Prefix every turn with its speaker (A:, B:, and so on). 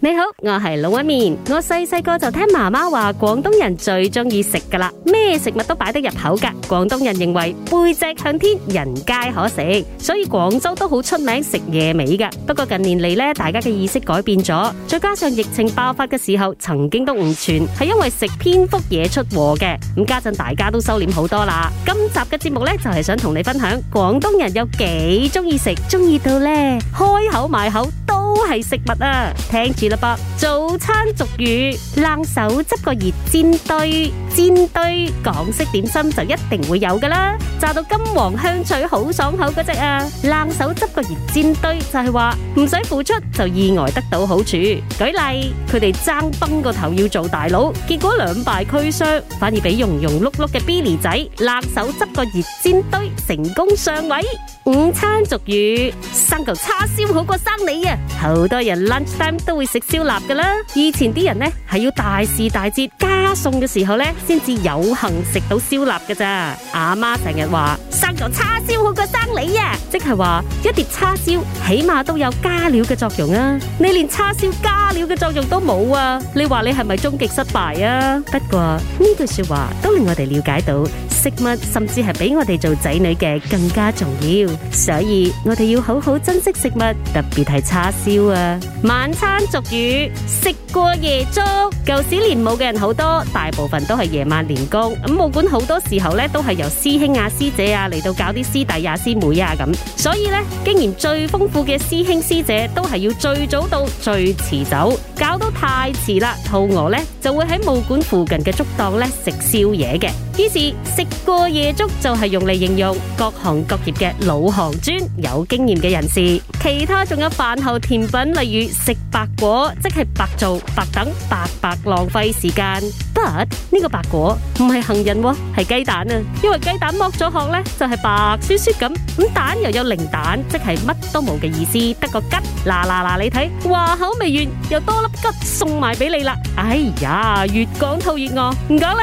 A: 你好，我係龍紋敏。我細細個就聽媽媽話，廣東人最中意食噶啦，咩食物都擺得入口噶。廣東人認為背脊向天，人皆可食，所以廣州都好出名食野味噶。不過近年嚟，呢，大家嘅意識改變咗，再加上疫情爆發嘅時候，曾經都唔傳，係因為食蝙蝠惹出禍嘅。咁家陣大家都收斂好多啦。今集嘅節目呢，就係、是、想同你分享廣東人有幾中意食，中意到呢開口埋口都係食物啊！聽住啦噃，早餐俗語，冷手執個熱煎堆。煎堆港式點心就一定會有噶啦，炸到金黃香脆好爽口嗰隻啊！冷手執個熱煎堆就係話唔使付出就意外得到好處。舉例，佢哋爭崩個頭要做大佬，結果兩敗俱傷，反而俾庸庸碌碌嘅 Billy 仔冷手執個熱煎堆成功上位。午餐俗語：生嚿叉燒好過生你啊！好多人 lunch time 都會食燒臘噶啦。以前啲人呢，係要大事大節加餸嘅時候呢，先至有幸食到燒臘嘅咋。阿媽成日話生咗叉燒好過生你啊，即係話一碟叉燒起碼都有加料嘅作用啊，你連叉燒加料嘅作用都冇啊，你話你係咪終極失敗啊？不過呢句說話都令我哋了解到食物甚至係比我哋做仔女嘅更加重要，所以我哋要好好珍惜食物，特別係叉燒啊！晚餐俗語，食過夜粥，舊時練武嘅人好多，大部分都係。夜晚練功，咁武館好多時候咧都係由師兄啊、師姐啊嚟到搞啲師弟啊、師妹啊咁，所以咧經驗最豐富嘅師兄師姐都係要最早到、最遲走，搞到太遲啦，肚餓咧就會喺武館附近嘅粥檔咧食宵夜嘅。於是食過夜粥就係用嚟形容各行各業嘅老行尊、有經驗嘅人士。其他仲有飯後甜品，例如食白果，即係白做、白等、白白浪費時間。But 呢個白果唔係杏仁，係雞蛋啊！因為雞蛋剝咗殼咧，就係白雪雪咁。咁蛋又有零蛋，即係乜都冇嘅意思，得個吉嗱嗱嗱，你睇話口未完，又多粒吉送埋俾你啦！哎呀，越講肚越餓，唔講啦。